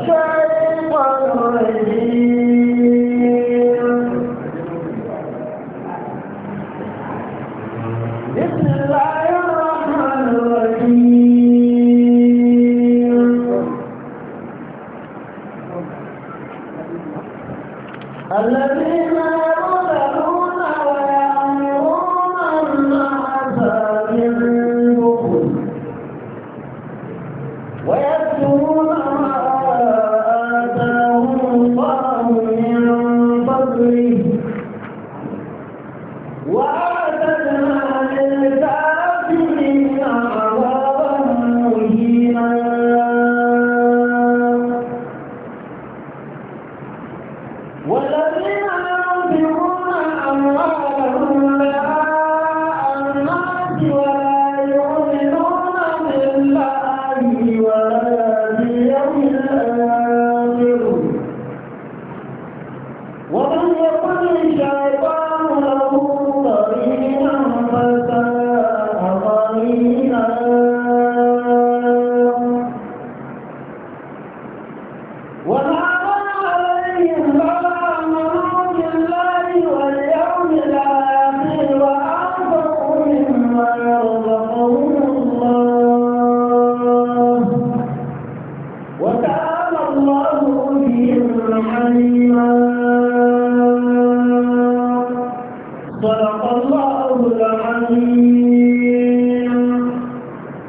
الشيطان الرجيم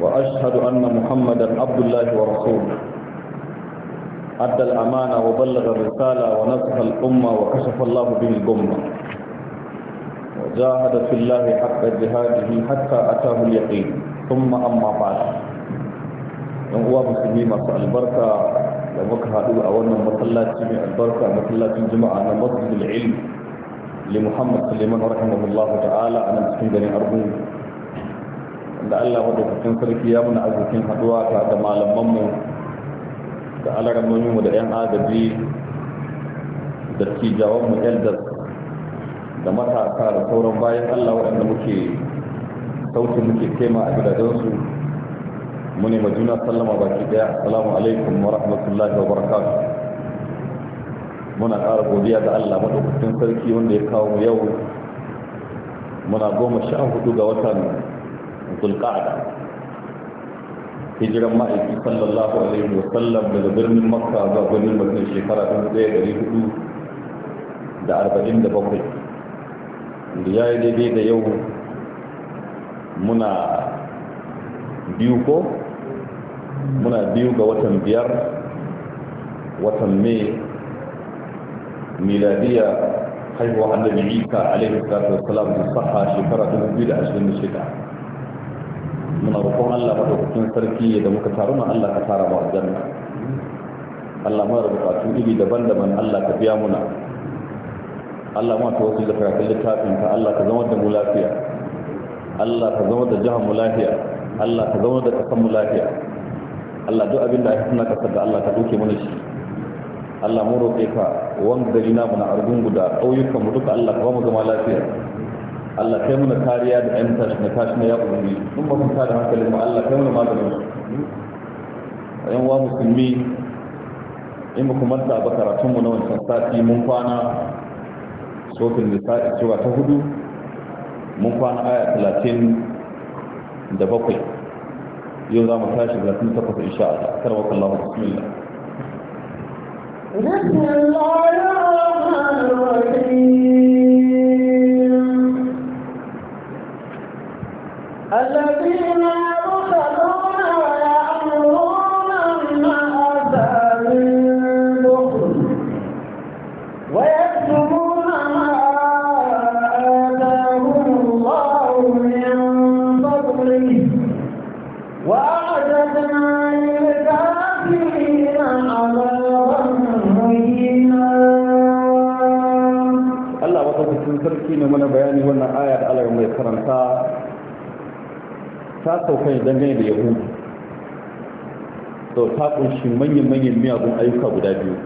وأشهد أن محمدا عبد الله ورسوله أدى الأمانة وبلغ الرسالة ونصح الأمة وكشف الله به الامه وجاهد في الله حق جهاده حتى أتاه اليقين ثم أما بعد يوم هو مسلمين مسألة البركة يومك هذا ان من مصلات البركة مصلاه الجمعة أن مصدر العلم لمحمد سليمان رحمه الله تعالى أنا مسلمين أرجوك da Allah madaukakin sarki ya muna arzikin haduwa ta da malamanmu da alaramominmu da 'yan agaji da cijawanmu eldar da matasa da sauran bayan Allah waɗanda muke sauti, muke kema a gidajensu mu ne majuna sallama baki daya assalamu alaikum wa rahmatullahi wa barakatu muna ƙara godiya da Allah madaukakin sarki wanda ya kawo mu yau muna goma sha hudu ga watan zulqa'ada hijiran ma'aiki sallallahu alaihi wa sallam daga birnin makka zuwa birnin madina shekara 1447 da arba'in da bakwai da ya yi daidai da yau muna biyu ko muna biyu ga watan biyar watan mai miladiya haihuwa annabi isa alaihi salatu da saha shekara muna roƙon Allah ba cikin sarki da muka taru ma Allah ka tara mu aljanna Allah mu da bukatu iri daban-daban Allah ka biya muna Allah mu ta wasu da karatun littafin ka Allah ka zama da mu lafiya Allah ka zama da jahan mu lafiya Allah ka zama da kasan mu lafiya Allah duk abin da ake suna kasar da Allah ka doke mana shi Allah mu roƙe ka wanda gari namu na argungu da ƙauyukan mu duka Allah ka ba mu zama lafiya Allah kai muna kariya da ɗan tashi na tashi na ya umarni in ba kun kada hankalin ba Allah kai muna maganin a yan wa musulmi in ba kuma ta ba mu na wancan sati mun kwana sofin nisa'i cewa ta hudu mun kwana aya talatin da bakwai yau za mu tashi talatin takwas insha Allah karwa kallon bismillah بسم الله الرحمن الرحيم sarki ne mana bayani wannan aya da Allah mai karanta ta sauka ne dangane da yahudu to ta kunshi manyan-manyan miyagun ayyuka guda biyu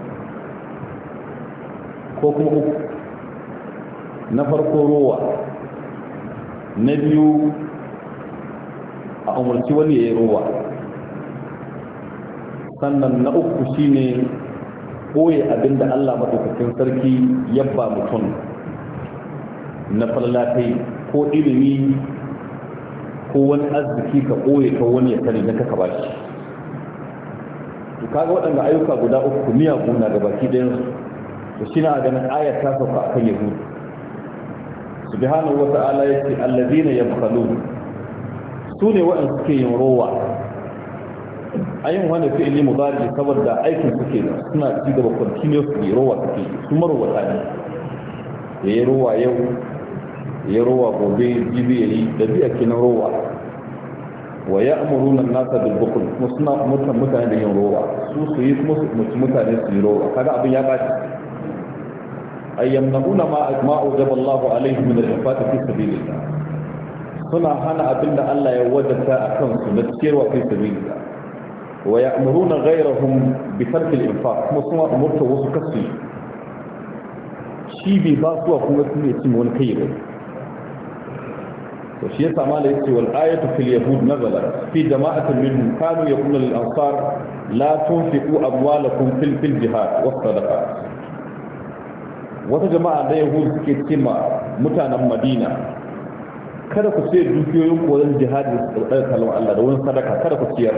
ko kuma uku na farko rowa na biyu a umarci wani ya yi rowa sannan na uku shine koye abin da allah maɗaukakin sarki yabba mutum na fallatai ko ilimi ko wani arziki ka ɓoye ka wani ya sani na kaka ba shi kaga waɗanda ayyuka guda uku miyagu na ga baki ɗayan su to shi na ganin ayar ta sauka a kan yahudu subhanahu wa ta'ala ya ce allazina yabkhalun su ne waɗanda suke yin rowa ayin wani fi'ili mudari saboda aikin suke suna ci gaba continuously rowa suke su marwata ne yayi rowa yau ya rowa gobe jibi ya yi, da biya kinan rowa ويأمرون الناس بالبخل مصنع متمتان بهم روعة سوسي يكمس متمتان مصنع روعة هذا أبي يباتي أن يمنعون ما أوجب الله عليه من الحفات في سبيل الله صنع حانا أبنى أن لا يوجد أكمس نذكير في سبيل الله ويأمرون غيرهم بترك الإنفاق مصنع مرتوص كسي شيبي باسوا كمسني اسمون خيره to shi yasa mala yace wal ayatu fil yahud nazala fi jama'atin minhum kanu yaqulu lil ansar la tunfiqu wata jama'a da yahud suke cewa mutanen madina kada ku ce dukiyoyin ku wajen jihadi da tsare kalmar Allah da wani sadaka kada ku ciyar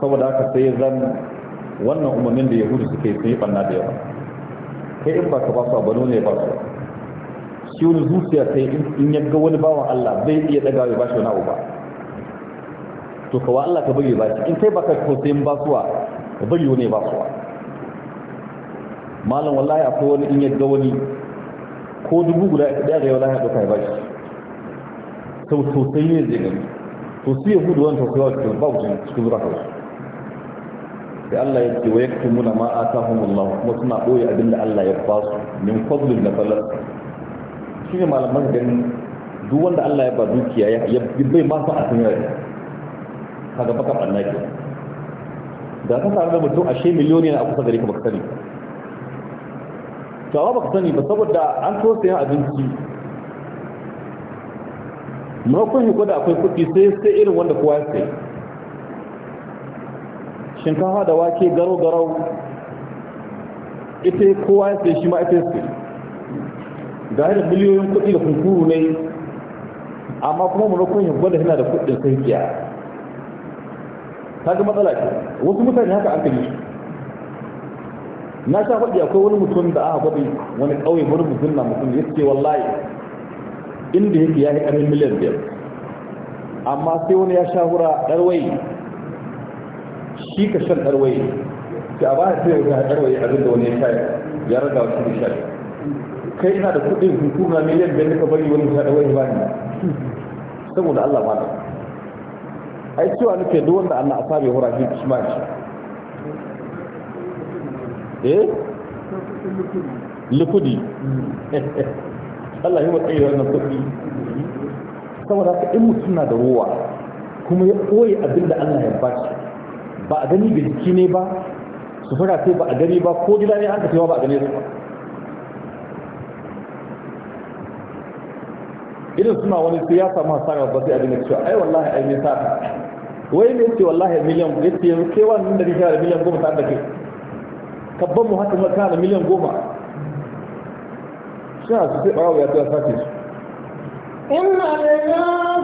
saboda aka sai zan wannan umarnin da yahudu suke sun yi banna da yawa kai in ba ka ba su abu ne ba su shi wani zuciya sai in ya ga wani bawan Allah bai iya daga ya bashi wani abu ba to kawai Allah ka bari bashi in kai baka tausayin basuwa ka bari wani basuwa malam wallahi akwai wani in ya ga wani ko dubu guda daya ga wallahi ya dauka ya bashi sau tausayi ne zai gani to su da wani tausayi wa cikin babu cikin zura kawai sai Allah ya ce wa yaktumuna ma atahumullahu kuma suna ɓoye abinda Allah ya ba su min fadlin da falar shi ne malaman ganin duk wanda Allah ya ba dukiya ya bai ma sa a sun rai kaga baka ɓanna ke da ka samu da mutum ashe miliyoni na a kusa gare ka baka sani ba baka sani ba saboda an so sayan abinci maimakon shi da akwai kuɗi sai sai irin wanda kowa ya sai shinkafa da wake garo-garau ita kowa ya sai shi ma ita ya sai ga da miliyoyin kuɗi da kunkuru ne amma kuma munakon ya gwada yana da kuɗin sai kiya ta ga matsala ce wasu mutane haka an kalli na sha faɗi akwai wani mutum da aka gwada wani ƙauye wani mutum na mutum ya ce wallahi inda yake ya yi ƙarfin miliyan biyar amma sai wani ya sha hura ɗarwai shi ka shan ɗarwai sai a ba ya sai wani ɗarwai abinda wani ya sha ya raga wasu da shari'a. kai ina da kudin hukuma miliyan biyar ka bari wani ta da wani bani saboda Allah ba ai cewa nake duk wanda Allah a sabe hura shi shi ma shi eh likudi Allah yi matsayi wannan kudi saboda ka in mutum na da ruwa kuma ya koyi da Allah ya bashi ba a gani ga jiki ne ba su fara sai ba a gani ba ko gida ne an ka ba a gani ba idan suna wani siyasa ya samu hasara ba sai abin da cewa ai wallahi ai ne sa wai ne ce wallahi miliyan ya ce kai nan da kake da miliyan goma ta da kai kabban mu haka kana da miliyan goma shi a su sai barawo ya ta sace su inna lillahi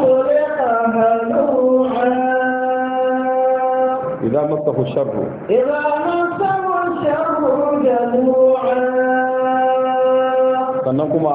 khuliqa Idan idza massahu sharru idza massahu sharru jazu'a sannan kuma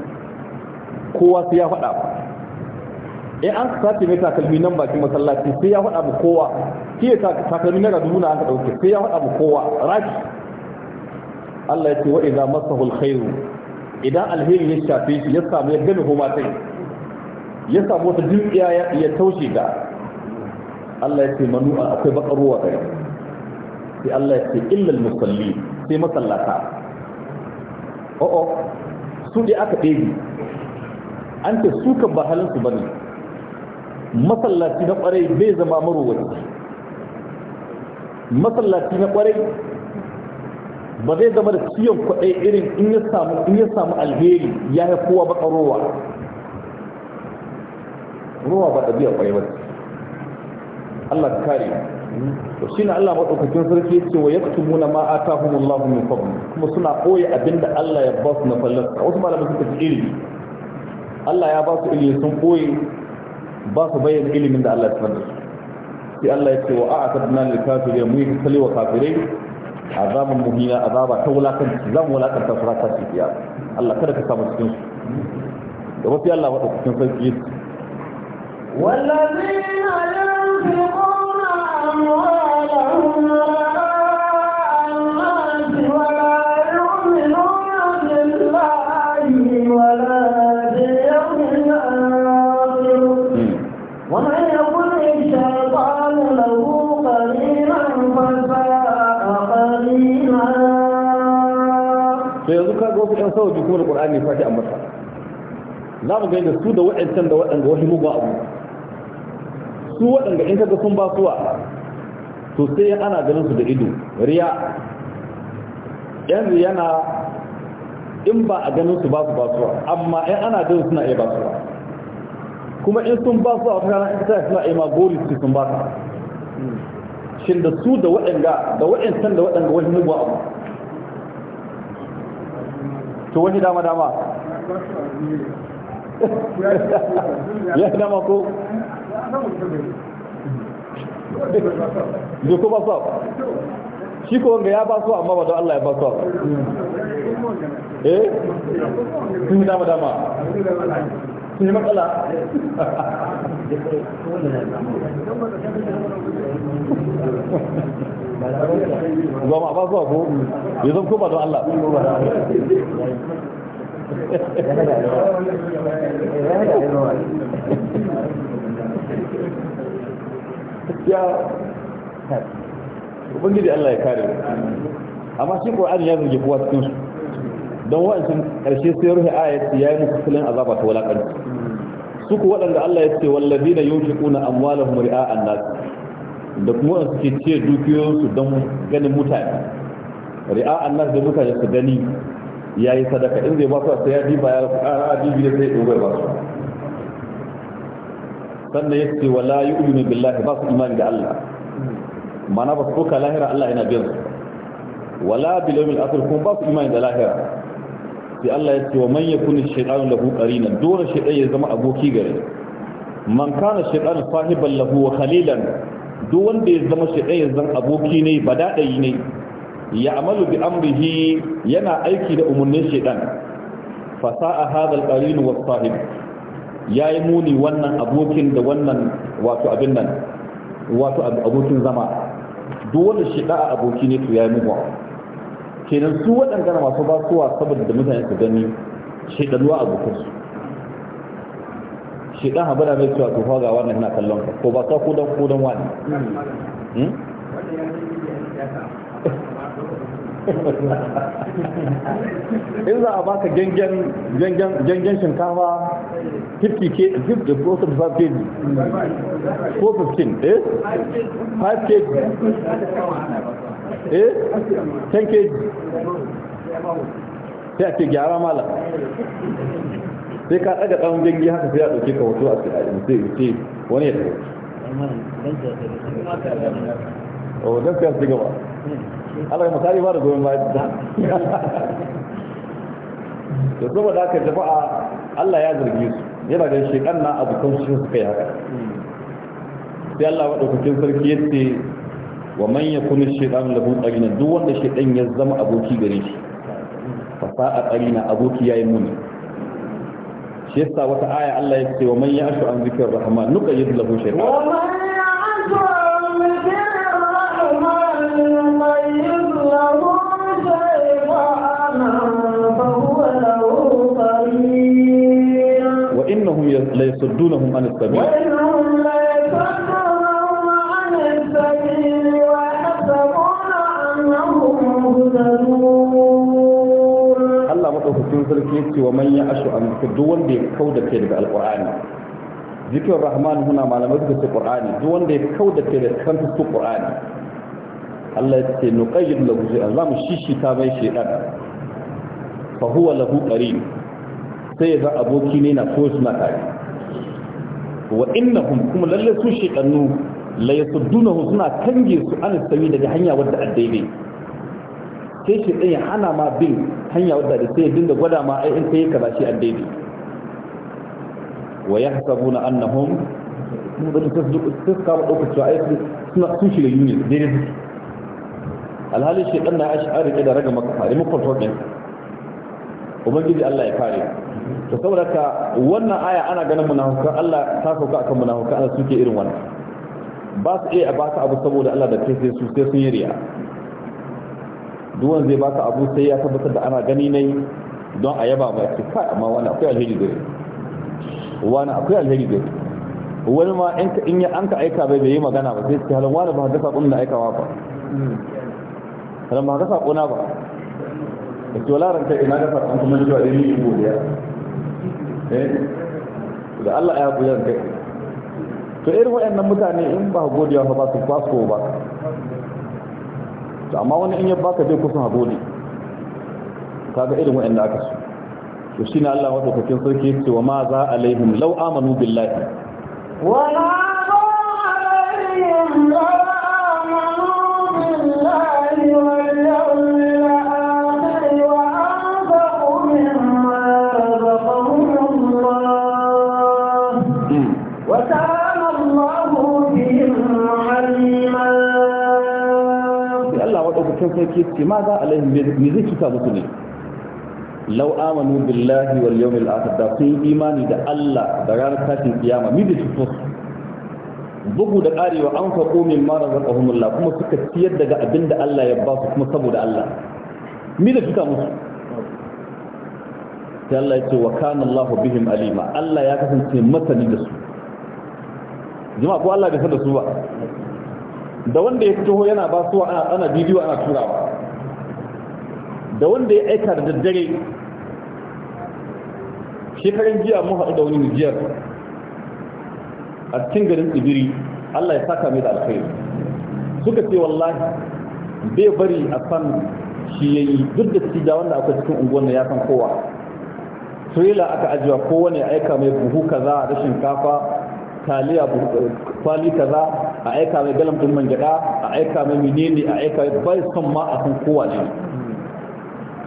kowa sai ya faɗa ba, in an sace mai takalmi nan bakin masallaci sai ya faɗa mu kowa shi ya takalmi na dubu na aka ɗauke sai ya faɗa mu kowa rashi Allah ya ce wa idan masahu alkhairu idan alheri ya shafe shi ya samu ya gani homa sai ya samu wata dukiya ya taushe ga Allah ya ce manu akwai bakaruwa gare sai Allah ya ce illal musalli sai masallata o'o oh, oh. su dai aka ɗebi. an ce su ba halinsu ba ne masallaci na kwarai bai zama marowaci masallaci na kwarai ba zai zama da ciyon kwaɗai irin in ya samu in ya samu alheri ya yi kowa baka rowa rowa ba ɗabi'a kwarai ba Allah ka kare to shi ne Allah maɗaukakin sarki ya ce wa yaktumuna ma atahumullahu min fadli kuma suna koya abinda Allah ya ba su na fallasa wasu malamai suka ji ilimi Allah ya ba su ilimi sun koyi ba su bayyana ilimin da Allah ya sanar sai Allah ya ce wa a'tadna lil kafirin mu yi wa kafirai azabun muhina azaba ta wulakanci zan wulakanta su rata su biya Allah kada ka samu cikin su da wasu Allah wa cikin sarki yace wallazina yanfiquna amwalahum ka ga wasu ɗan sawa kuma da ƙur'ani ya a masa za mu gani da su da waɗancan da waɗanda wani mugu abu su waɗanda in kaga sun ba suwa to sai ana ganin su da ido riya yanzu yana in ba a ganin su ba su ba suwa amma in ana ganin suna iya ba suwa kuma in sun ba suwa wata rana in suna iya ma goli su sun ba ta shin da su da waɗanda da waɗancan da waɗanda wani mugu abu to wani dama dama ya dama ko da kuma sa shi ko wanga ya ba su amma ba don Allah ya ba su eh sun dama dama sun yi matsala goma ba zuwa ko ya zan kuma don Allah ya ubangiji Allah ya kare amma shi ƙwararri ya zargi kowa cikinsu don wa'ancin ƙarshe sai rufe ayat ya yi musu filin azaba ta wulaƙanci su ku waɗanda Allah ya ce wallazi na yunfiquna amwalahum ri'a'an nas da kuma wanda suke ce dukiyoyinsu don ganin mutane ri'a nas da mutane su gani yayi sadaka in zai ba su sai ya diba ya ƙara dibi da sai dogar ba su sannan ya ce wala yi yu'minu billahi ba su imani da Allah mana ba su ko ka lahira Allah yana biyan su wala bil yawmil akhir kuma ba su imani da lahira sai Allah ya ce wa man yakun shaytanu lahu qarina dole shaytan ya zama aboki gare man kana shaytanu sahiban lahu wa khalilan duk wanda ya zama shaytan ya zama aboki ne ba badadai ne ya amalu bi amrihi yana aiki da umurnin shaytan fa sa'a hadha al-qarin wa sahib yayi muni wannan abokin da wannan wato abin nan wato abokin zama duk wanda shaytan aboki ne to yayi mugu kenan su waɗanda masu basuwa saboda da mutane su gani shekaruwa a bukunsu shaidan habara mai cewa tufa ga wannan yana kallon ka ko ba ta kudan kudan wani hmm? in za a baka gangan shinkafa 50 50 ko 55 ko 15 eh 5 eh 10 kg sai a ce gyara mala sai ka ɗaga ɗan jirgi haka sai a ɗauke ka hoto a ce wani ya ɗauke o don fiye su gaba ala ga misali ba da goyon bayan da da saboda haka jama'a allah ya zargi su yana da shekan na abokan shi suka yi haka sai allah maɗaukakin sarki ya ce wa man yakun shaytan lahu qarina duk wanda shaytan ya zama aboki gare shi fa sa'a qarina aboki yayi muni shi yasa wata aya Allah ya ce wa man ya'shu an zikr rahman nuka yadlahu shaytan wa man ya'shu an zikr rahman nuka yadlahu shaytan wa innahum la yasuddunahum an as-sabil madaukakin sarki ya ce wa man ya ashu an duk wanda ya kau da kai daga Alƙur'ani. zikin rahman huna malamai suka ce qur'ani duk wanda ya kau da kai daga kanta su qur'ani Allah ya ce nuqayyid lahu shay'an zamu shishita mai shaidan. fa huwa lahu qarin sai ya aboki ne na so suna tare wa innahum kuma lalle su shaytanu la yasuddunahum suna kange su an sami daga hanya wadda addai ne sai shi ɗaya hana ma bin hanya wadda da sai dinga gwada ma ai in kai kaza shi addaidi wa yahsabuna annahum Mun da su su ka ba dauka cewa ai suna sun shiga union daidai su alhali shi ɗan na ya shi'ar rike da raga maka fare muku tokin ubangiji Allah ya kare to saboda ka wannan aya ana ganin munafukan Allah ta sauka akan munafukan Allah suke irin wannan ba su iya ba su abu saboda Allah da kai sai su sai sun yi riya duwan zai baka abu sai ya tabbatar da ana gani ne don a yaba mai ce kai amma wani akwai alheri gare wani akwai alheri gare wani ma in ya an ka aika bai bai yi magana ba sai su halin wani ba haka sakon da wa ba halin ba haka kuna ba da ke walaran kai ina gasa an kuma jiwa dai ni godiya eh? da Allah ya kuyar kai to irin waɗannan mutane in ba godiya ba su ba su ba to amma wani in ya baka zai kusan hago ne kaga irin wa'anda aka so to ne Allah wadda kakin sarki ce wa ma za alaihim lau amanu billahi sarki ce ma za alaihim me zai cuta musu ne lau amanu billahi wal mil asar da sun imani da Allah da ranar tashin kiyama mi da cuto bugu da karewa an faɗo min ma razaqahumullah kuma suka ciyar daga abinda Allah ya ba su kuma saboda Allah mi da cuta musu sai Allah ya ce wa kana Allahu bihim alima Allah ya kasance masani da su jama'a ko Allah bai san da su ba da wanda ya fito yana basuwa ana ana bidiyo ana turawa da wanda ya aika da daddare shekarun jiya mu haɗu da wani nijiyar a cikin garin tsibiri allah ya saka mai da alkhairu suka ce wallahi bai bari a san shi ya yi duk da da wanda akwai cikin unguwan ya san kowa trailer aka ajiyar kowane aika mai buhu kaza da shinkafa taliya kwali kaza a aika mai galam din man gada a aika mai menene a aika mai bai son ma a san kowa ne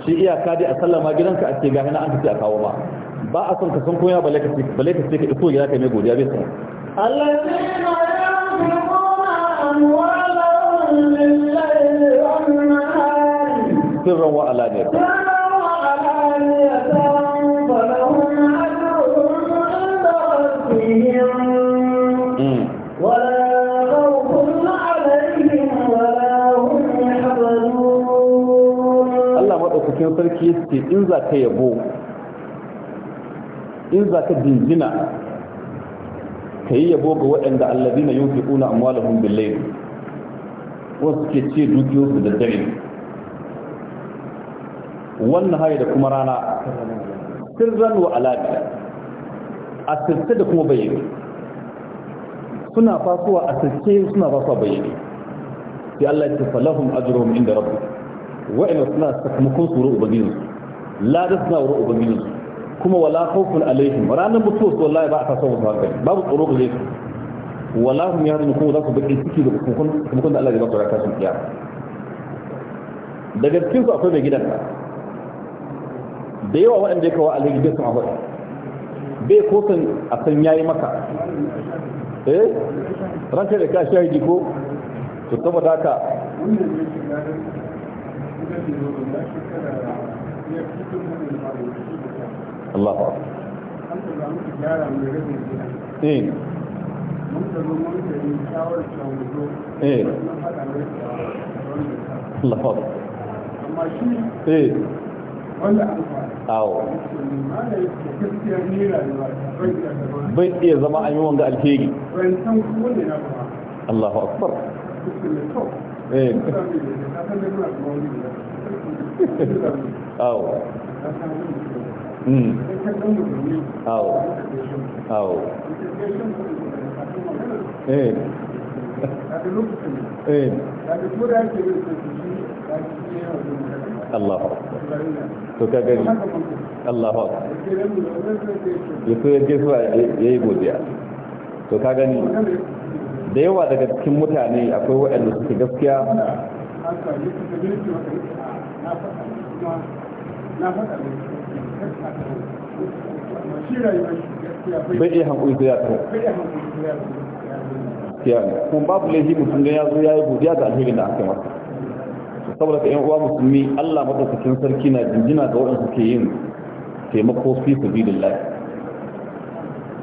shi iyaka dai a sallama gidanka a ce ga hina an tafi a kawo ba ba a son ka san koya bale ka ce bale ka ce ka iso gida kai mai godiya bai san allazina yanfiquna amwalahum lil-layli wan-nahari sirran wa alaniyatan sirran wa alaniyatan sarki ya ce in za ka yabo in za ka jinjina ka yi yabo ga waɗanda yau ke allazina amma kuna amwalahum billayl wasu ke ce dukiyoyinsu da dare wannan haya da kuma rana sirran wa alaƙa a sirce da kuma bayyane suna fasuwa a sirce suna fasuwa bayyane sai Allah ya tafi lahum ajruhum inda rabu. wa'ina suna sakamakon su ru'u bagin lada suna ru'u bagin kuma wala haukun alaihim ranar mutuwa su wallahi ba a kasar musu haka babu tsoro ga zai wala hum yanzu kuma za su baƙi ciki da sakamakon da Allah ya ba su raka sun fiya daga cikin su akwai mai ka, da yawa waɗanda ya kawo alhaji bai sun abuwa bai ko san a san yayi maka eh ranka da ka shahidi ko su saboda haka Allah iya zama an yi wanga alheri awo eh. awo hmm. eh. eh. to ka gani Allahu ya so ya ya yi godiya to ka gani da yawa daga cikin mutane akwai waɗanda suke gaskiya bai iya hankuli da ya tsawo kuma babu laifi mutum ya zo ya yi godiya da alheri da aka masa saboda ka uwa musulmi allah madaukakin sarki na jinjina ga waɗanda suke yin taimako fi sabilillah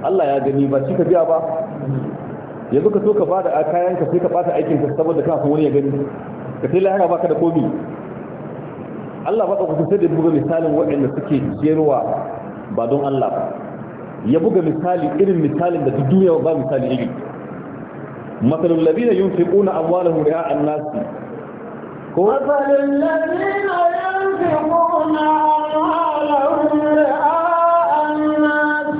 allah ya gani ba shi ka biya ba yanzu ka so ka bada a kayan ka sai ka bata aikin ka saboda kana son wani ya gani ka sai lahira baka da komi Allah ba ɗauka sai da buga misalin waɗanda suke ciyarwa ba don Allah ba ya buga misali irin misalin da duniya ba misali iri masalul ladina yunfiquna amwalahum ri'a an-nas ko masalul ladina yunfiquna amwalahum ri'a an-nas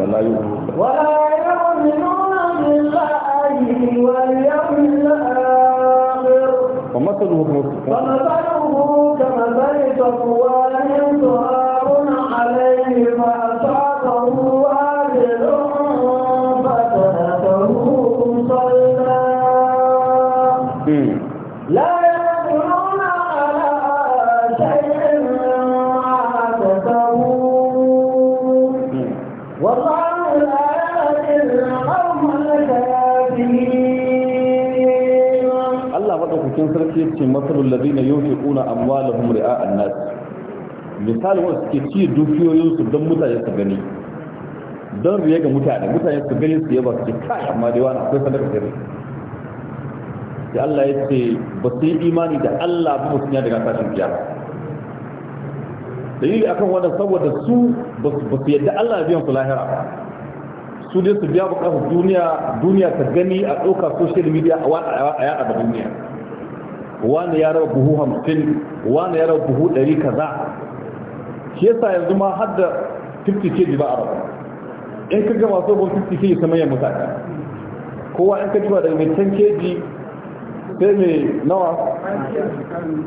wala yunfiquna ومثله كمثل صفوان تراب عليه فأصابه وابل ce matsalul ladina yunfiquna amwalahum ri'a'an nas misali wasu suke ci dukiyoyinsu don mutane su gani don riye ga mutane mutane su gani su yaba suke kai amma dai wani akwai sadaka sai sai Allah ya ce ba su yi imani da Allah ba mutum ya daga sashen kiyama dalili akan wanda saboda su ba su yadda Allah ya biyan su lahira su dai su biya bukatar duniya duniya ta gani a ɗauka social media a yaɗa da duniya wani ya raba buhu hamsin wani ya raba buhu ɗari kaza shi yasa yanzu ma har da 50 kg ba a raba in ka gama so bon 50 kg kamar yamma mutane kowa in ka tuwa daga mai 10 kg sai mai nawa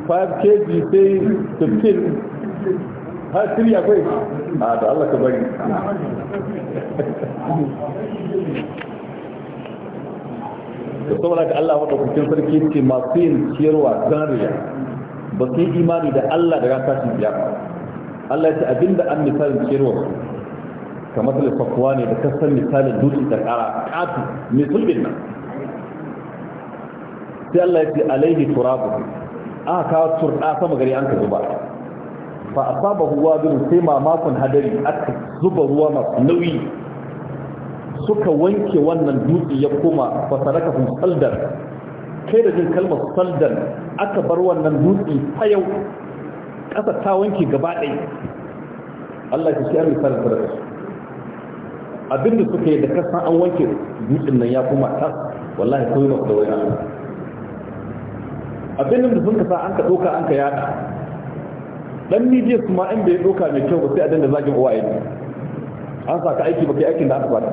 5 kg sai 15 har siri akwai a ah, da Allah ka bari da saboda ka Allah madaukakin sarki ce masu yin ciyarwa dan riya ba su yi imani da Allah da rasa shi biya Allah ya ce abinda an misalin ciyarwa kamar da fakwa ne da kasan misalin dutse da kara katu mai sulbin nan sai Allah ya ce alaihi turabu aka kawo turɗa sama gari an ka zuba fa asaba huwa bin sai mamakon hadari aka zuba ruwa masu nauyi suka wanke wannan dutse ya koma fasaraka hun saldar kai da jin kalmar saldar aka bar wannan dutse ta yau ƙasa ta wanke gaba ɗaya Allah ya ce an misalin sadaka su abinda suka yi da kasan an wanke dutsen nan ya koma tas wallahi kawai masu da wani Abin da sun kasa an ka ɗoka an ka yada dan nijiyar su ma in bai ɗoka mai kyau ba sai a danda zagin uwaye an sa ka aiki ba kai aikin da aka fata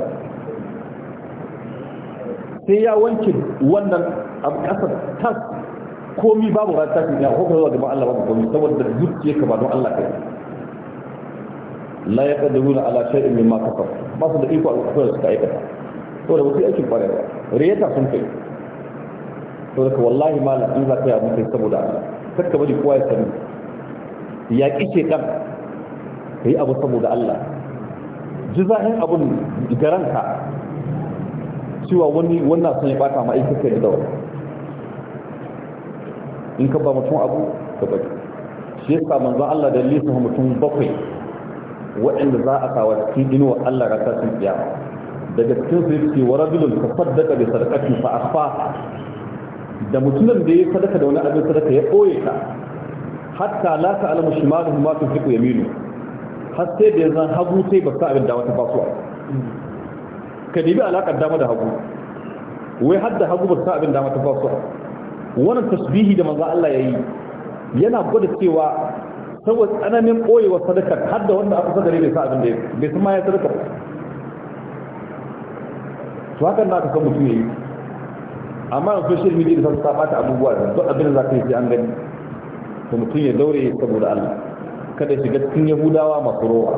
sai ya wanke wannan abu kasar tas komi babu ran tashin ya hukunta zuwa gaban Allah babu komi saboda zuciya ka ba don Allah kai la yaqdiruna ala shay'in mimma kasab ba su da iko a kasar suka aikata saboda wasu aikin kwarewa riyata sun kai saboda ka wallahi ma in za ka yi abin saboda Allah kakka bari kowa ya sani ya ƙi ce shekan ka yi abu saboda Allah ji zahin abun garanta. cewa wani wannan sun ya bata ma aiki kai da dawa in ka ba mutum abu ka bari shi yasa manzon Allah da lisa mutum bakwai waɗanda za a kawo cikin inuwa Allah ga tashin kiyama daga cikin su yake wa rajulun tasaddaqa bi sadaqatin fa asfa da mutumin da ya sadaka da wani abin sadaka ya ɓoye ka? hatta la ta'lamu shimaluhu ma tunfiqu yaminu har sai da yanzu hagu sai ba sa abin da wata basuwa ka dibi alaƙar dama da hagu wai har da hagu ba sa abin dama ta ba su wannan tasbihi da manzo Allah yayi yana gwada cewa saboda tsananin boyewa sadaka har da wanda aka sadare bai sa abin da bai san ma ya sadaka to haka na ka san mutum yayi amma a social media da ta bata abubuwa da duk abin da ka yi sai an gani to mutum ya daure saboda Allah kada shiga cikin yahudawa masu rowa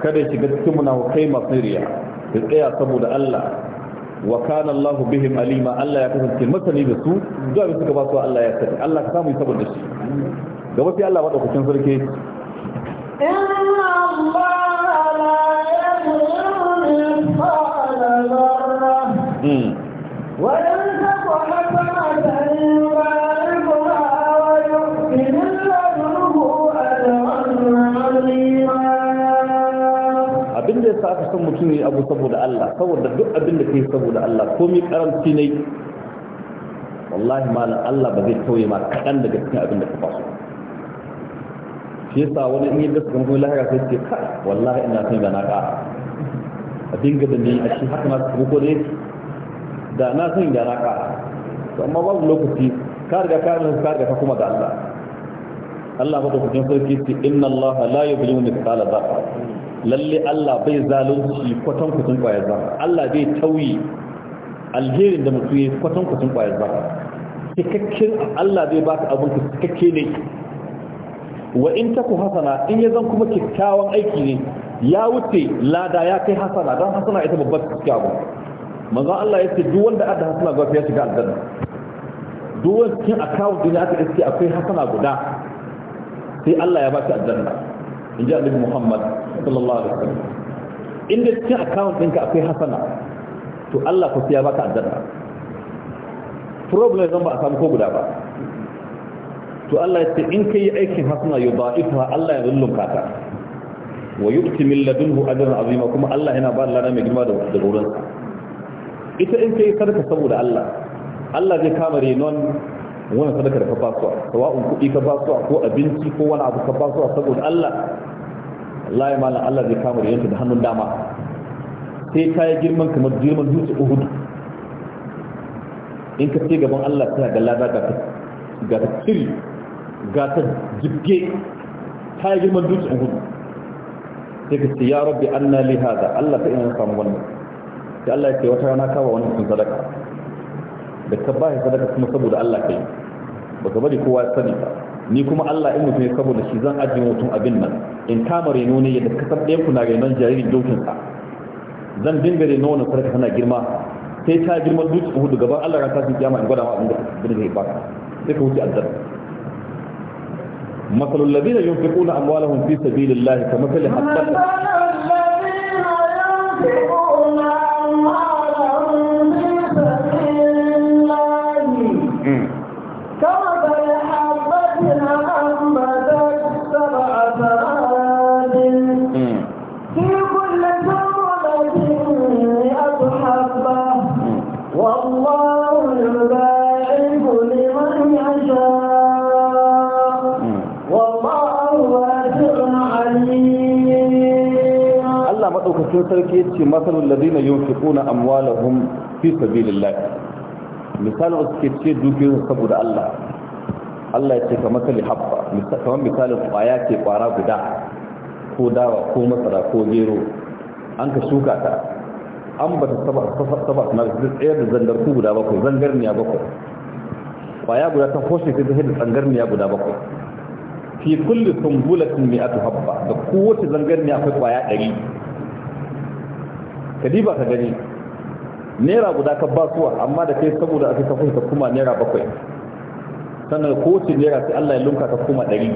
kada shiga cikin munafikai masu riya su tsaya saboda Allah wa kana Allahu bihim alima Allah ya kasance masani da su zuwa bi suka ba su Allah ya sani Allah ka samu saboda shi gaba sai Allah madaukakin sarki inna Allah la yadhuru min qala wa yasa aka san mutum ya abu saboda Allah saboda duk abin da kai saboda Allah komai karanci ne wallahi malam Allah ba zai tauye ma kaɗan daga cikin abin da ka faso shi yasa wani in yadda suka mutum lahira sai ce ka wallahi ina son da na ƙara a dinga da ni a shi haka na su ko ne da na son da na ƙara to amma babu lokaci ka riga ka riga ka riga ka kuma da Allah Allah madaukakin sarki ce inna Allah la yublimu mithqala dharra lalle Allah bai zalunci kwatan kwatan kwayar ba Allah bai tauyi alherin da mutum yayi kwatan kwatan kwayar ba cikakken Allah bai baka abun ka cikakke ne wa in taku hasana in ya zan kuma kyakkyawan aiki ne ya wuce lada ya kai hasana dan hasana ita babbar kikkiawa manzo Allah ya ce duk wanda adda hasana ga ya shiga aljanna duk wanda cikin account din aka iske akwai hasana guda sai Allah ya ba shi aljanna in ji Muhammad sallallahu alaihi wasallam inda cikin account ɗinka akwai hasana to Allah ku siya baka aljanna problem zan ba a samu ko guda ba to Allah ya ce in kai aikin hasana yudaifuha Allah ya lullunka ta wa yu'ti min ladunhu ajran azima kuma Allah yana ba Allah mai girma da gurin ita in kai sadaka saboda Allah Allah zai kama renon wani sadaka da ka ba su sawa'un kuɗi ka ba su ko abinci ko wani abu ka ba su saboda Allah wallahi malam Allah zai kama da yanka da hannun dama sai ta yi girman kamar girman dutse Uhud in ka ce gaban Allah tana da lada ga ga ta tsiri ga ta jibge ta yi girman dutse Uhud sai ka ce ya rabbi anna li hada Allah ta ina samu wannan sai Allah ya ce wata rana ka ba wannan sun sadaka da ka ba shi sadaka kuma saboda Allah kai baka bari kowa ya sani ba ni kuma Allah in mutum ya saboda shi zan ajiye mutum abin nan in kama reno ne yadda kasar ɗaya kuna renon jaririn dokinsa zan dinga reno wani sarka tana girma sai ta girma dutse hudu gaban Allah ran tashin kiyama in gwada ma abin da zai baka sai ka wuce azzar مثل الذين ينفقون أموالهم في سبيل الله كمثل حبة madaukakin sarki ce masalul ladina yunfiquna amwalahum fi sabilillah misalin wasu ke ce dukiyoyin saboda Allah Allah ya ce ka masali habba kamar misalin kwaya ce kwara guda ko dawa ko masara ko gero an ka shuka ta an ba ta saba na da tsayar da zangarku guda bakwai zangarniya bakwai kwaya guda ta hoshe ta zahir da zangarniya guda bakwai fi kulli sumbulatin mi'atu habba da kowace zangarniya akwai kwaya ɗari ka ba ka gani naira guda ka ba suwa amma da kai saboda ake ka fahimta kuma naira bakwai sannan kowace naira sai Allah ya lunka ka kuma ɗari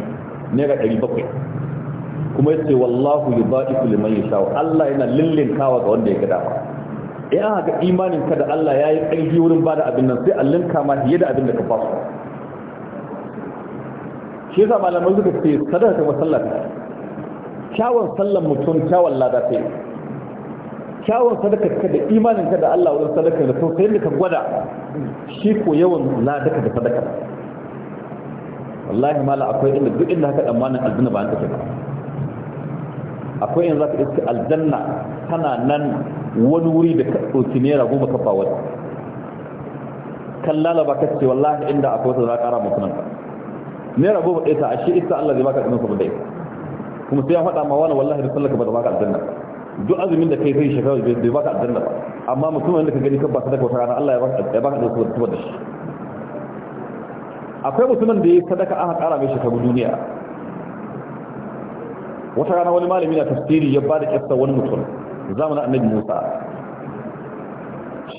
naira ɗari bakwai kuma ya ce wallahu yi iku liman ya shawo Allah yana lillin kawa ga wanda ya gada ba in an haka imanin ka da Allah ya yi ƙarfi wurin ba da abin nan sai allin kama fiye da abin da ka basu shi yasa malamai suka ce sadaka ta masallata kyawun sallan mutum kyawun lada ta kyawun sadakar ka da imaninka da Allah wurin sadakar da sosai da ka gwada shi ko yawan ladaka da sadakar wallahi mala akwai inda duk inda haka tsammanin aljanna ba an take ba akwai yanzu zaka iska aljanna tana nan wani wuri da ka ɗauki naira goma kafa wani. kan lalaba ka ce wallahi inda akwai wata za a kara masu nan mutunan naira goma ɗaya ta ashe isa Allah zai baka ɗinsa ba dai kuma sai ya faɗa ma wani wallahi da sallaka ba da baka aljanna duk azumin da kai sai shekara bai baka aljanna ba amma mutumin da ka gani kan ba sadaka wata rana Allah ya baka da su da shi akwai mutumin da ya sadaka aka kara mai shekaru duniya wata rana wani malami na tafsiri ya ba da kyasta wani mutum zamanin annabi musa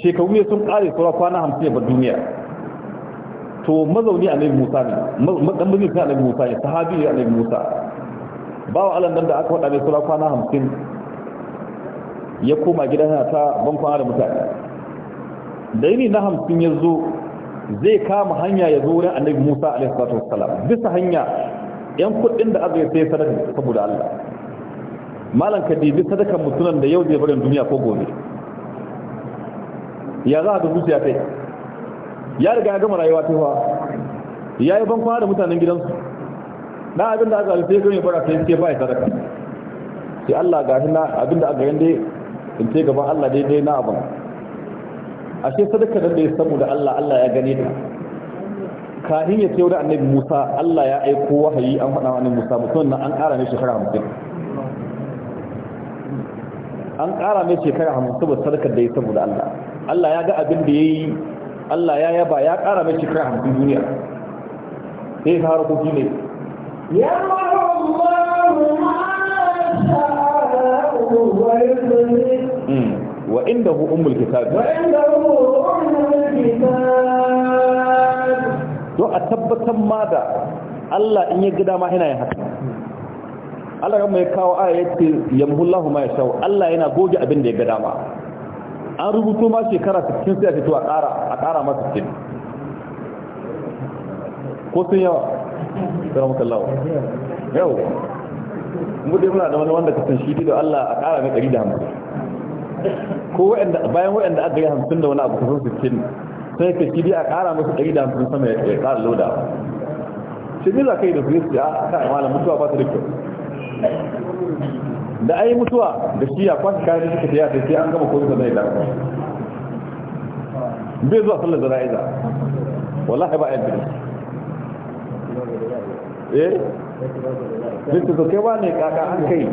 shekaru ne sun kare saura kwana hamsin ya bar duniya to mazauni annabi musa ne dan mazin sai annabi musa ne sahabi ne annabi musa bawa alan nan da aka faɗa mai saura kwana hamsin ya koma gida yana ta bankwana da mutane da yini na hamsin ya zo zai kama hanya ya zo wurin annabi musa alaihissalatu wassalam bisa hanya yan kuɗin da azai sai sadaka saboda allah malam ka dibi sadakan mutunan da yau zai barin duniya ko gobe ya za a ga zuciya kai ya riga ya gama rayuwa ta ya yi bankwana da mutanen gidansu na abin da aka sai gami fara sai ke ba ya sadaka sai Allah ga shi na abin da aka yi in ce gaban Allah daidai na abin ashe sadaka da ya samu da Allah Allah ya gane ta kahin ya ce da annabi Musa Allah ya aiko wahayi an faɗa wani annabi Musa mutum na an ƙara ne shekara hamsin an ƙara ne shekara hamsin saboda sadaka da ya saboda Allah Allah ya ga abin da ya yi Allah ya yaba ya ƙara ne shekara hamsin duniya sai ka harkoki ne ya Allah ma sha وعنده أم الكتاب وعنده أم الكتاب دو أتبتا ماذا الله إن يجد ما هنا يحكي Allah ran mai kawo aya yace yamhullahu ma yasha Allah yana goge abin da ya ga dama an rubuto ma shekara 60 sai a fito a ƙara a ƙara ma 60 ko sun yawa salamu yawa mudai muna da wani wanda ka san shi da Allah a ƙara na ɗari da hamsin ko wa'anda bayan wa'anda aka yi hamsin da wani abu kasan sittin sai ka shi a ƙara musu ɗari da hamsin sama ya ƙara loda shi ne za ka yi da kristi a ah, kan malam mutuwa ba ta da kyau da ai mutuwa da shi ya kwashe kayan suka ta yata sai an gama ko zuwa zai da bai zuwa sallar zara'iza wallahi ba a yadda eh duk da kai ba ne kaka an kai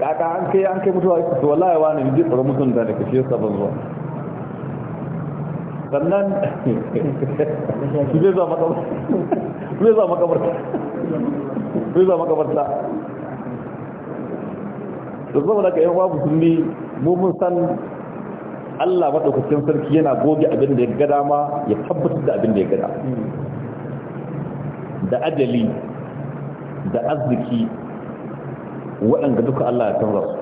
kaka an kai an kai mutuwa to wallahi wa ne ji tsoro mutum da ne kashe sa ban zuwa sannan shi zai za makabarta zai zama makabarta zai zama makabarta da zama da ka yan babu sunni mu mun san Allah maɗaukacin sarki yana goge abin da ya gada ma ya tabbatar da abin da ya gada da ajali da arziki waɗanda duka Allah ya canza su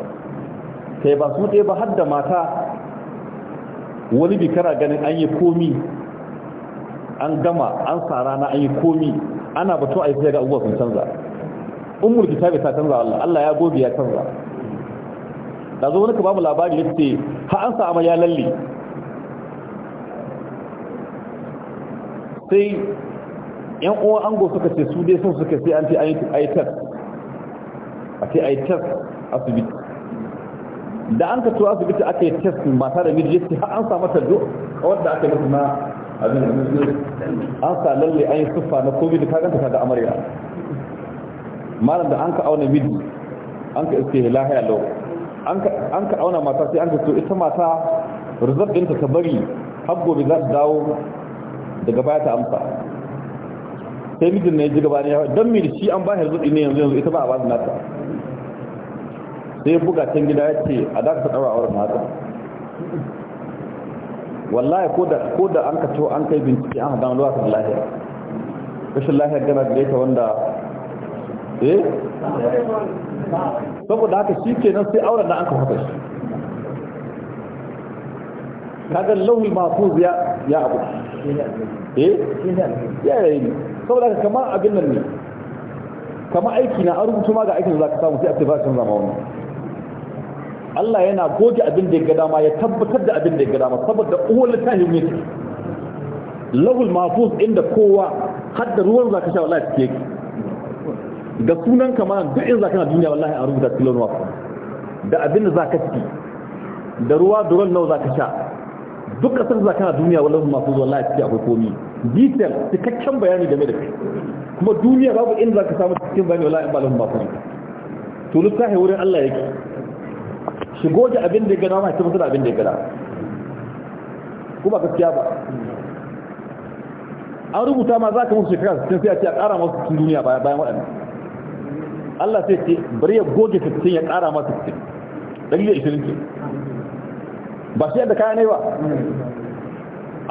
sai ba su ɗaya ba har da mata wani bikara ganin an yi komi an gama an tsara na an yi komi ana batu a yi sai ga abubuwa sun canza in mulki ta canza Allah Allah ya gobe ya canza da zo wani ka babu labari ya ce ha an sa ama ya lalle sai yan uwa ango suka ce su dai sun suka sai an ce an yi a ce a asibiti da an ka tuwa asibiti aka yi test mata da miji sai an sa mata do wadda aka yi mata na abin da an sa lalle an yi siffa na covid ka ganta ta amarya malam da an ka auna miji an ka iske lahiya lau an ka auna mata sai an ka so ita mata rizab ɗinta ta bari har gobe za ta dawo daga baya ta amsa sai mijin na ya ji gabani ne don mil shi an ba shi zuɗi ne yanzu yanzu ita ba a ba su nata sai ya buga can gida ya ce a dakata ka ɗaura a wurin haka wallahi ko da an kato an kai bincike an hadan ruwa ta lahiyar rashin lahiyar gana da ita wanda eh saboda haka shi kenan sai auren da an ka shi kagan lauhi masu ya ya abu eh ya yi saboda ka kama abin nan ne kama aiki na an rubutu ma ga aikin da za ka samu sai a ce ba canza wani. Allah yana goge abin da ya ga dama ya tabbatar da abin da ya ga dama saboda uwar littafin yake lahul mafuz inda kowa har da ruwan zaka sha wallahi take da sunan kama duk in zaka na duniya wallahi a rubuta cikin lahul mafuz da abin da zaka ci da ruwa duran nawa zaka sha duk kasar da kana duniya wallahi masu zuwa lafiya ciki akwai komi detail cikakken bayani game da kai kuma duniya babu inda zaka samu cikin bayani wallahi ba lahun masu zuwa to lissafi wurin Allah yake shigo da abin da ya gada ma tabbatar abin da ya gana kuma gaskiya ba an rubuta ma za ka musu shekara sun sai a ce a ƙara masu cikin duniya bayan waɗannan Allah sai ce bari ya goge fitin ya ƙara masu 15 dalilin 20 ke ba shi yadda kayanai ba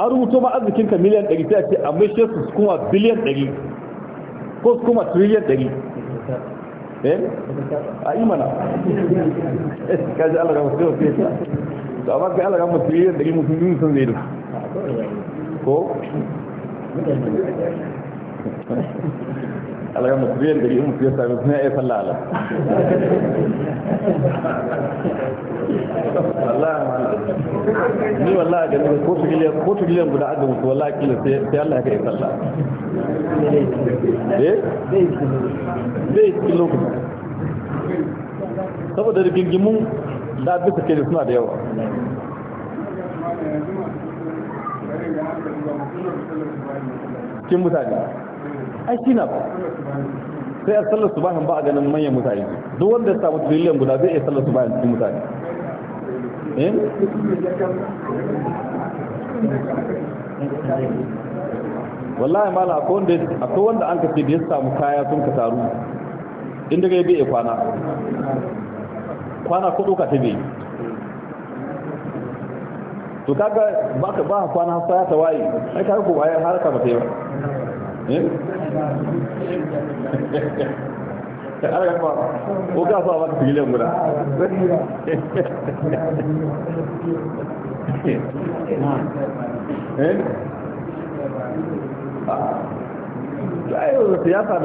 an rubuto ma arzikinka miliyan 100 sai a ce a mai shi su kuma biliyan 100 ko su kuma triliyan 100 eh a imana kaji Allah ga yau fiye ta amma kai Allah ga mutum triliyan 100 mutum yin sun zai duk ko alaga mutu riyar gari mutu ya sami suna yi sallah ala ni wallahi ga ni ko tugiliyan ko tugiliyan guda aga mutu wallahi kila sai Allah ka yi sallah eh zai cikin lokaci saboda rigingimun da bisa ke suna da yawa kin mutane aikina ba sai a sallar su bayan ba a ganin manyan mutane duk wanda ya samu trillion guda zai iya sallar su bayan cikin mutane eh? wallahi mala akwai wanda akwai wanda an kace da ya samu kaya sun ka taru inda ga bai kwana kwana kudu ka tabe to kaga ba ka ba kwana sai ta waye ai kaga ko har ka ba ta yi ba Eh? arafa ko ka fa da eh? ah. siyasa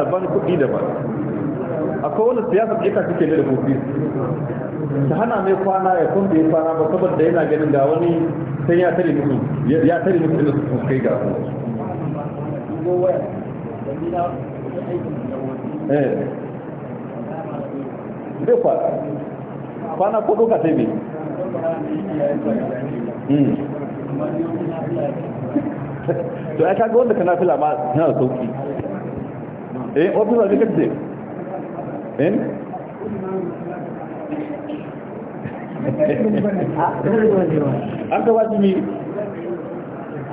akwai wani da kofi ta hana mai kwana ya kun kwana ba saboda yana ganin ga wani sai ya tare ya tare su kai ga Eh. zai kwa kwana hmm. to wanda kana fila ma sauki eh eh an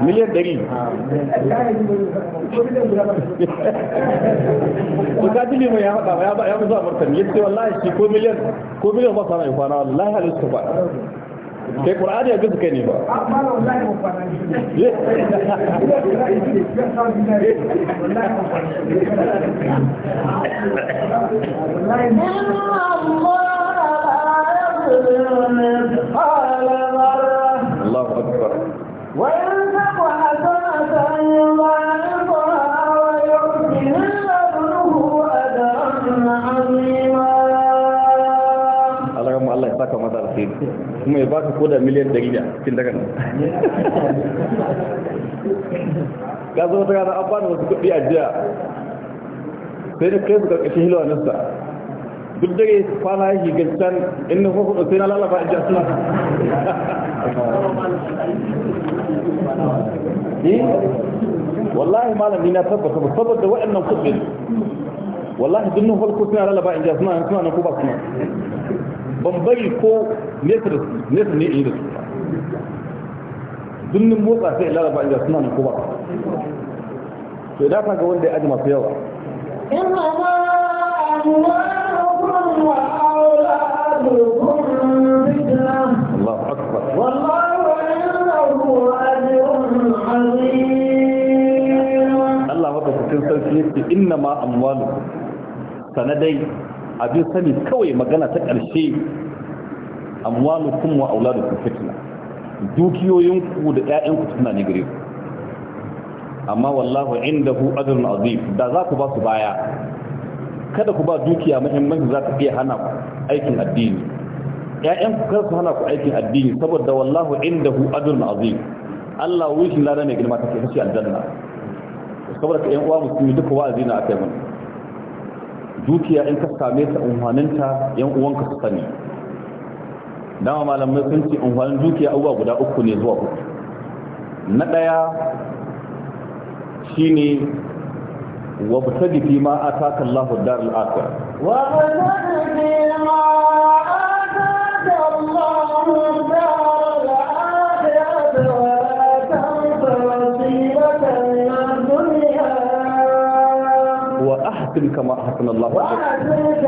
miliyan ɗari ko ka ji liman ya faɗa ya ba ya musu a martani ya ce wallahi shi ko miliyan ko miliyan ba sana kwana wallahi halin su ba kai ƙur'ani ya gaza kai ne ba Allah alheri kuma ya baka miliyan da cikin daga nan zo gada da wasu kuɗi a jiya sai da kai su karkashin hilawa nasa duk dare kwana yake gaskan inda kuma sai na lalaba a jiya suna eh? wallahi malami na tabbata ba saboda waɗannan kuɗin wallahi duk farko suna lalaba in jasuna suna nan ko ba suna ban bari ko nesa da su nesa ne yi da su dunnin motsa sai laraba inda suna nan ko ba to da ka ga wanda ya aji masu yawa Allah akbar wallahu innahu ajrun azim Allah wata cikin sarki yake inna ma amwalu sanadai abin sani kawai magana ta ƙarshe amwalukum wa auladukum fitna dukiyoyinku da 'ya'yanku suna ne gare ku amma wallahu indahu ajrun azim da za ku ba su baya kada ku ba dukiya muhimmanci za ka iya hana ku aikin addini Ya'yanku kar su hana ku aikin addini saboda wallahu indahu ajrun azim Allah wuce lada mai girma take kace aljanna saboda ƴan uwa musulmi duka wa'azi na akai mana dukiya in ka same ta unhwaninta yan uwanka su sani dama malamai sun ce unhwanin dukiya abubuwa guda uku ne zuwa uku na ɗaya shine wa fitadi fi ma ataka Allahu dar al wa ma أحسن كما أحسن الله وأحسن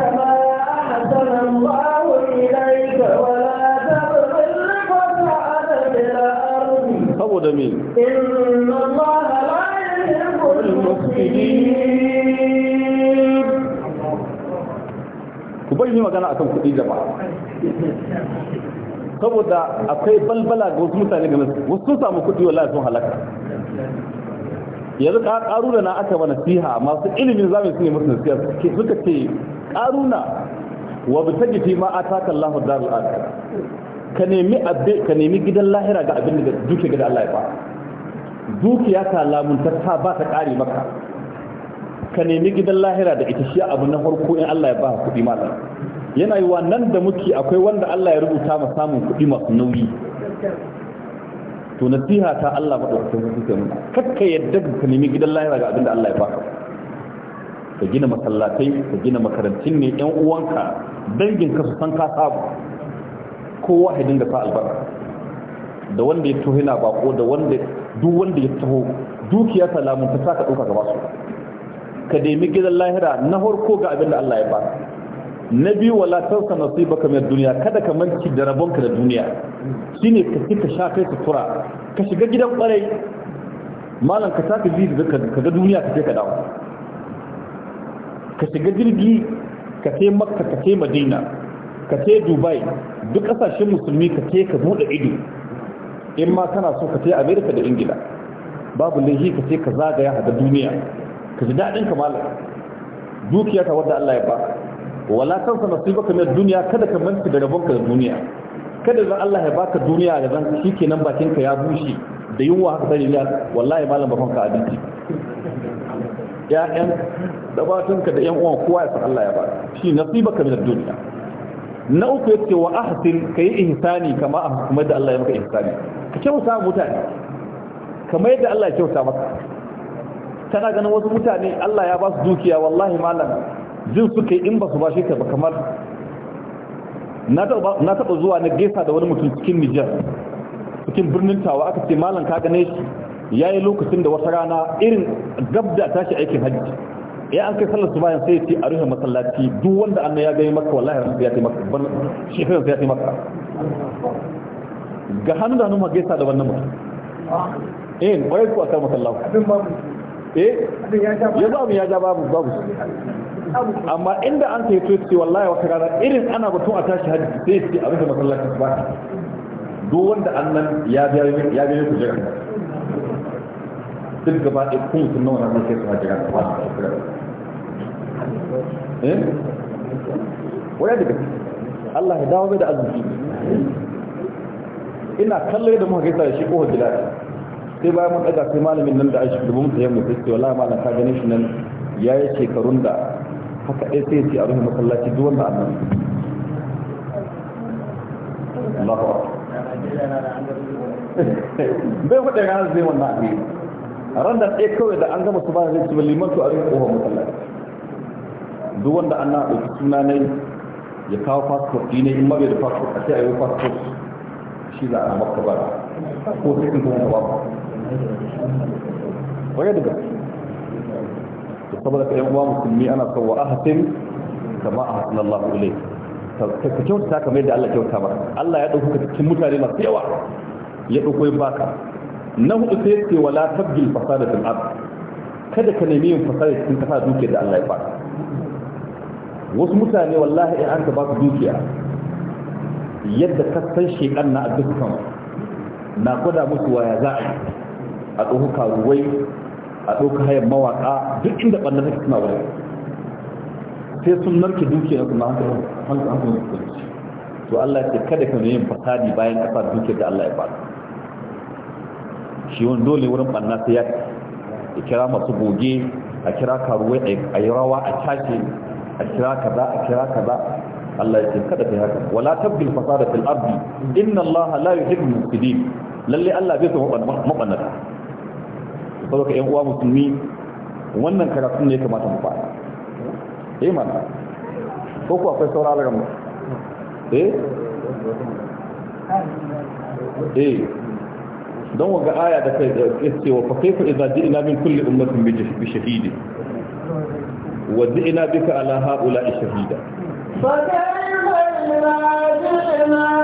saboda me ku bari ni magana akan kuɗi jama'a saboda akwai balbala ga wasu mutane game wasu sun samu kuɗi wallahi sun halaka yanzu ka karuna na aka mana siha, masu ilimin zamu su ne musu nasiha suka ce karuna wa bitaji fi ma ataka Allahu darul akhir ka nemi abbe ka nemi gidan lahira ga abin da duke gidan Allah ya ba dukiya ta lamun ta ta ba ta kare maka ka nemi gidan lahira da ita shi abu na farko in Allah ya ba kuɗi malam yana yi wa nan da muke akwai wanda Allah ya rubuta ma samun kuɗi masu nauyi to nasiha ta Allah ba ta kusan suke nuna kakka yadda ka nemi gidan lahira ga abinda Allah ya baka ka gina masallatai ka gina makarantun ne yan uwanka dangin ka su san ka sabu kowa ya dinga sa albarka da wanda ya tuhi na bako da wanda duk wanda ya taho dukiya salamun ta saka dauka gaba su ka nemi gidan lahira na farko ga abinda Allah ya baka na biyu wala tansa nasibaka min duniya kada ka manci da rabonka da duniya Shi ne ka sika sha kai sutura ka shiga gidan kwarai malam ka saka ji da ka ga duniya ka je ka dawo ka shiga jirgi ka ce makka ka ce madina ka ce dubai duk ƙasashen musulmi ka ce ka buɗe ido in ma kana so ka ce amerika da ingila babu laihi ka ce ka zagaya ga duniya ka ji daɗin ka malam dukiya ta wadda allah ya ba wala kansa nasibaka min dunya kada ka manta da rabonka da duniya kada zan Allah ya baka duniya da zan shikenan bakin ka ya bushe da yunwa haka sani ne wallahi malam ba fanka abinci ya'yan da batun ka da yan uwan kowa ya san Allah ya ba shi nasibaka min dunya na uku yace wa ahsin kai ihsani kama kuma da Allah ya maka ihsani ka kyauta mutane kamar yadda Allah ya kyauta maka kana ganin wasu mutane Allah ya ba su dukiya wallahi malam jin suka in ba su shi ta ba kamar na taɓa zuwa na gesa da wani mutum cikin nijar cikin birnin tawa aka ce malam ka gane shi ya yi lokacin da wata rana irin gab da tashi aikin hajji ya an kai sallar su bayan sai ce a rufe masallaci duk wanda an ya gani maka wallahi ran ya taimaka ban shekaran ya taimaka ga hannu da hannu ma gaisa da wannan mutum eh kwarai ku a kan masallaci eh ya babu ya ja babu babu amma inda an sai to ce wallahi wata rana irin ana batun a tashi hajji sai ce a da masallaci ba duk wanda annan ya biya ya biya ku jira duk gaba ɗaya kun sun nawa na sai su hajjira ba eh waya daga Allah ya dawo da azumi. ina kalle da muka gaisa da shi ko hajjira sai bayan mun daga sai malamin nan da aishi da mun tsaye mu sai wallahi malam ka gane shi nan yayi shekarun da haka ɗaya sai ce a rufe masallaci duk wanda annan Allahu bai faɗa ranar zai wannan abin ran da ɗaya kawai da an gama su ba zai ci liman su a rufe masallaci duk wanda an na ɗauki suna ne ya kawo fasfot ɗine in mabe da fasfot a sai a yi fasfot shi za a makka ba ko sai kuma ba ba ya saboda ka yan uwa musulmi ana son wa ahsin kama ahsan Allah ilayk ka kyauta kamar yadda Allah kyauta ba Allah ya dauka cikin mutane masu yawa ya dauko yin baka na hudu sai ce wala tabgil fasada ard kada ka nemi yin fasada cikin kasa dukiyar da Allah ya baka wasu mutane wallahi in an ka ba su dukiya yadda ka san shekan na a dukkan na gwada musu waya za a yi a tsohon karuwai a ɗauka hayar mawaƙa duk inda ɓannar suka suna wani sai sun narke duke na kuma hankalin hukunci to Allah ya ce kada ka yin fasadi bayan ƙasa duke da Allah ya ba shi wani dole wurin ɓanna sai ya kira masu goge a kira karuwai a yi rawa a tashi a kira kaza a kira kaza Allah ya ce kada ka yi haka wala tabbil fasada fil ardi inna Allah la yuhibbul mufsidin lalle Allah bai so mabannata saboda yan uwa musulmi wannan karatun ne kamata mu fara eh ma ko ku akwai saura daga mu eh eh don waga aya da kai da wa fa kaifa idza ji'na min kulli ummatin bi shahidi wa ji'na bika ala ha'ula shahida fa kaifa idza ji'na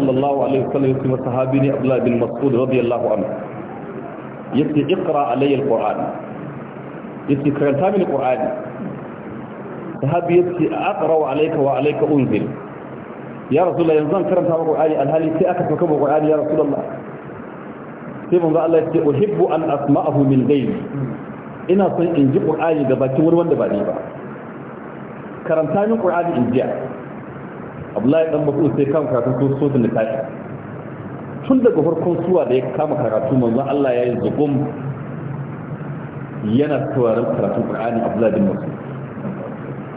sallallahu alaihi wasallam kuma sahabi ne Abdullah bin Mas'ud radiyallahu anhu yace iqra alayya alquran yace karanta mini qur'ani sahabi yace aqra alayka wa alayka unzil ya rasulullah yanzu zan karanta wa qur'ani alhali sai aka saka wa qur'ani ya rasulullah sai ga Allah yace uhibbu an asma'ahu min ghayri ina son in ji qur'ani da bakin wani wanda ba ni ba karanta min qur'ani in jiya abdullahi dan mas'ud sai kama karatu so so da tashi tun daga farkon suwa da ya kama karatu manzon Allah ya yi zugum yana sauraron karatun Qur'ani Abdullahi bin Mas'ud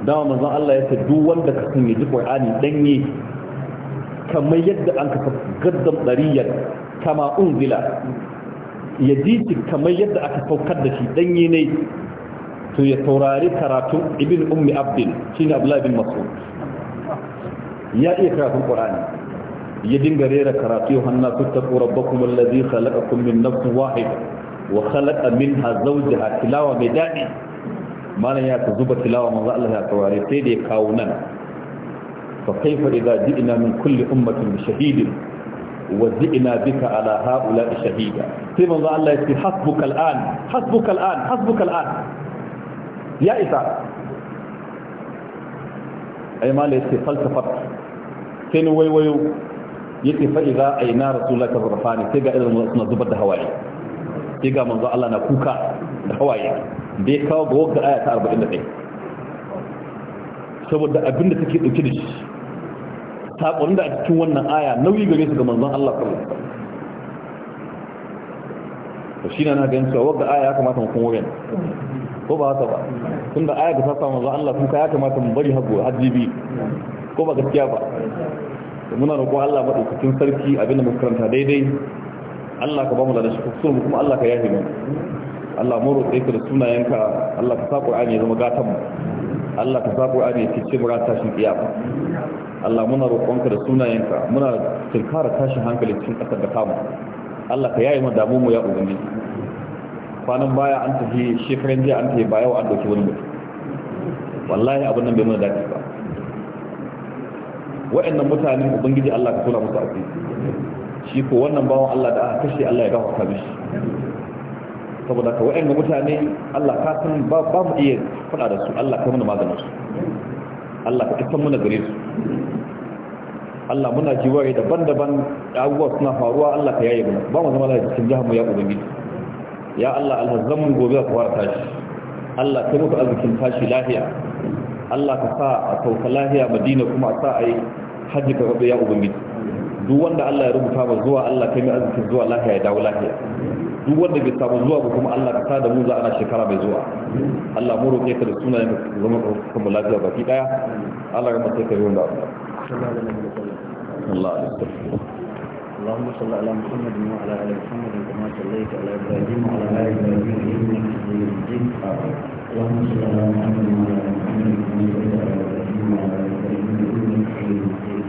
dama manzon Allah ya ce duk wanda ka san ya ji Qur'ani danye kamar yadda an ka gaddam dariyar kama unzila ya ji shi kamar yadda aka saukar da shi danye ne to ya taurari karatun ibn ummi abdin shine Abdullahi bin Mas'ud ya iya karatun qur'ani ya dinga rera karatu yohanna tuttaqu rabbakum alladhi khalaqakum min nafsin wahida wa khalaqa minha zawjaha tilawa mai dadi malam ya ka zuba tilawa manzo Allah ya taware sai da ya kawo nan fa kaifa idza ji'na min kulli ummatin bi shahidin wa ji'na bika ala ha'ula'i shahida sai manzo Allah ya ce hasbuka al'an hasbuka al'an hasbuka al'an ya isa ai malam ya ce falsafar sai ni waiwayo yake fa idza aina rasulullahi tafafani sai ga irin suna zubar da hawaye sai ga manzo Allah na kuka da hawaye da ya kawo ga wanda aya ta 41 saboda abinda take dauke da shi sakonin da a cikin wannan aya nauyi gare su ga manzon Allah sallallahu to shi na ganin cewa wanda aya ya kamata mu kuma wayan ko ba haka ba tun da aya ga ta samu Allah kuka ya kamata mu bari hagu hajji biyu. ko ba gaskiya ba da muna roƙo Allah madaukakin sarki abin da karanta daidai Allah ka ba mu da shi mu kuma Allah ka yafe mu Allah mu roƙe ka da sunayenka Allah ka sa Qur'ani ya zama gatan mu Allah ka sa Qur'ani ya fice mu rata shi kiyama Allah muna roƙonka da sunayenka muna tilkara tashin hankali cikin ƙasar da kamu Allah ka yaye mu damu mu ya ubangiji kwanan baya an tafi shekaran jiya an tafi baya wa an dauki wani mutum wallahi abin nan bai mana dace ba wa'annan mutane ubangiji Allah ka tura musu asiri shi ko wannan bawan Allah da aka kashe Allah ya gafarta mishi saboda ka wa'annan mutane Allah ka san ba mu iya fada da su Allah ka mana maganin su Allah ka kisan muna gare su Allah muna jiwaye daban-daban abubuwa suna faruwa Allah ka yaye mana ba mu zama lafiya cikin jihar ya ubangiji ya Allah alhazzamun gobe ka fara tashi Allah ka muku arzikin tashi lafiya Allah ka sa a sauka lahiya madina kuma a sa a yi hajji ka rabu ya ubangiji duk wanda Allah ya rubuta ba zuwa Allah kai mai arziki zuwa lafiya ya dawo lafiya duk wanda bai samu zuwa ba kuma Allah ka sa da mu za ana shekara mai zuwa Allah mu roƙe ka da suna ya zama ka mu lafiya baki daya Allah ya mutu ka yi wanda Allah Allah اللهم صل على محمد وعلى ال محمد كما صليت على ابراهيم وعلى ال ابراهيم انك حميد مجيد اللهم صل على محمد وعلى ال محمد كما صليت على ابراهيم وعلى ال ابراهيم انك حميد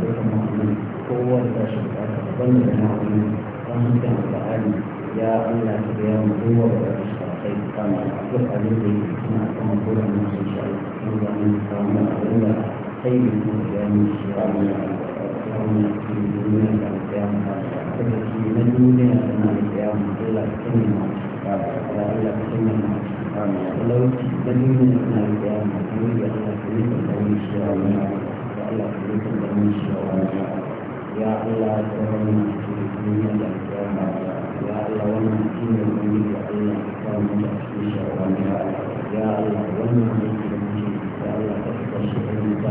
duka mu'minin kowa da tashi bukata daban da na wani rahon da alƙa'ani ya Allah ta da yawan kowa da tashi shakai kama duk abin da yake suna kama kowa na sun sha kan zanen kama abin da sai da kuma da yawan shi ya wani alƙa'ani cikin duniya da alƙiyama ta da shi na duniya da na alƙiyama Allah ta kama masu da Allah ta kama masu talauci na duniya da na alƙiyama ta yi da Allah ta da kawai shi ya wani alƙiyama Allah ka da mun shi ya Allah ka wannan duniya da kiyama ya Allah wannan mun Allah shi ya Allah wannan mun ya Allah ka shi da mun ya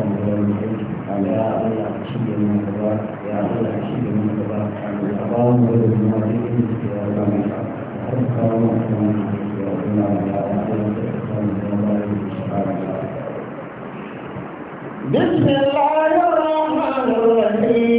Allah ya Allah ba mu da shi ka mu da shi ya Allah بسم الله الرحمن الرحيم